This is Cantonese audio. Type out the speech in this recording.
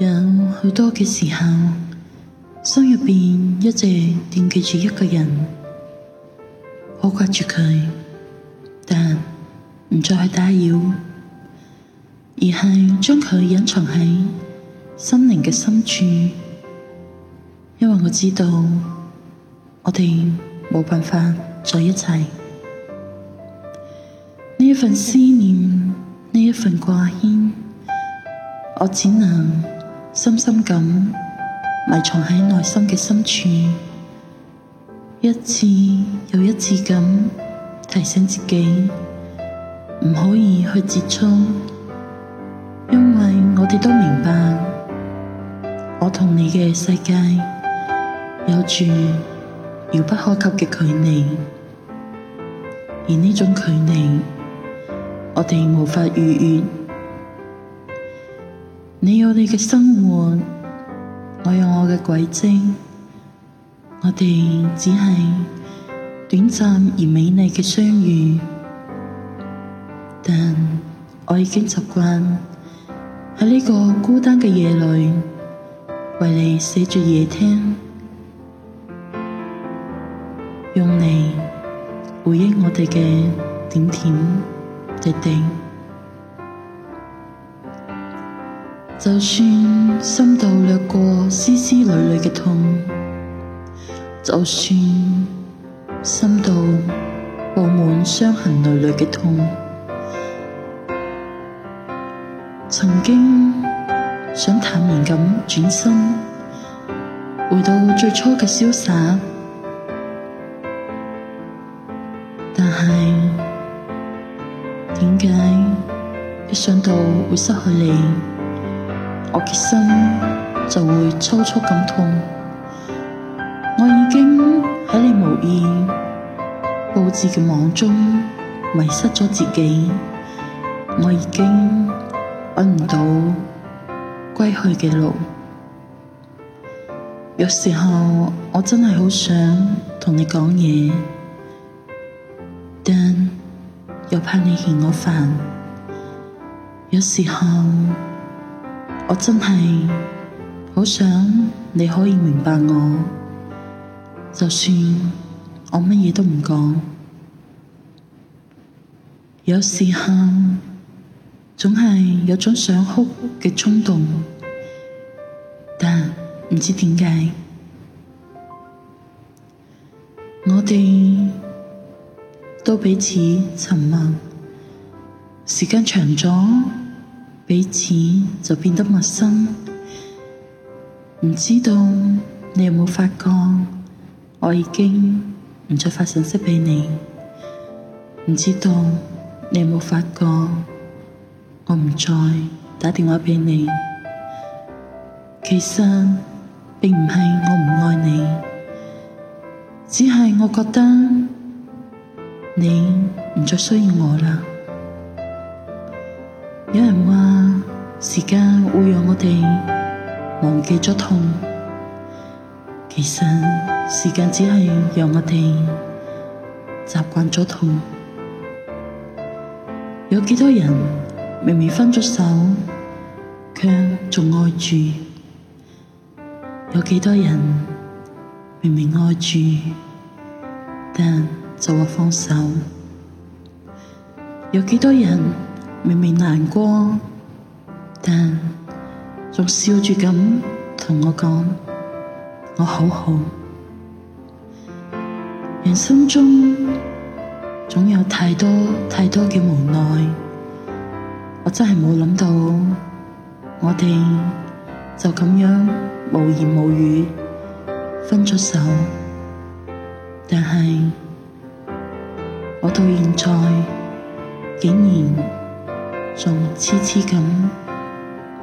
有好多嘅時候，心入邊一直惦記住一個人，好掛住佢，但唔再去打擾，而係將佢隱藏喺心靈嘅深處，因為我知道我哋冇辦法再一齊，呢一份思念，呢一份掛牽，我只能。深深咁埋藏喺內心嘅深處，一次又一次咁提醒自己，唔可以去接觸，因為我哋都明白，我同你嘅世界有住遙不可及嘅距離，而呢種距離，我哋無法逾越。你有你嘅生活，我有我嘅軌跡，我哋只係短暫而美麗嘅相遇，但我已經習慣喺呢個孤單嘅夜裏，為你寫住夜聽，用嚟回憶我哋嘅點點滴滴。就算心頭掠過絲絲縷縷嘅痛，就算心頭布滿傷痕累累嘅痛，曾經想坦然咁轉身回到最初嘅瀟灑，但係點解一想到會失去你？我嘅心就會粗粗咁痛，我已經喺你無意布置嘅網中迷失咗自己，我已經搵唔到歸去嘅路。有時候我真係好想同你講嘢，但又怕你嫌我煩。有時候。我真係好想你可以明白我，就算我乜嘢都唔講，有時候總係有種想哭嘅衝動，但唔知點解，我哋都彼此沉默，時間長咗。彼此就變得陌生，唔知道你有冇發覺我已經唔再發信息畀你，唔知道你有冇發覺我唔再打電話畀你。其實並唔係我唔愛你，只係我覺得你唔再需要我啦。有人話。時間會讓我哋忘記咗痛，其實時間只係讓我哋習慣咗痛。有幾多人明明分咗手，卻仲愛住？有幾多人明明愛住，但就話放手？有幾多人明明難過？但仲笑住咁同我講，我好好。人生中總有太多太多嘅無奈，我真係冇諗到，我哋就咁樣無言無語分咗手。但係我到現在竟然仲痴痴咁。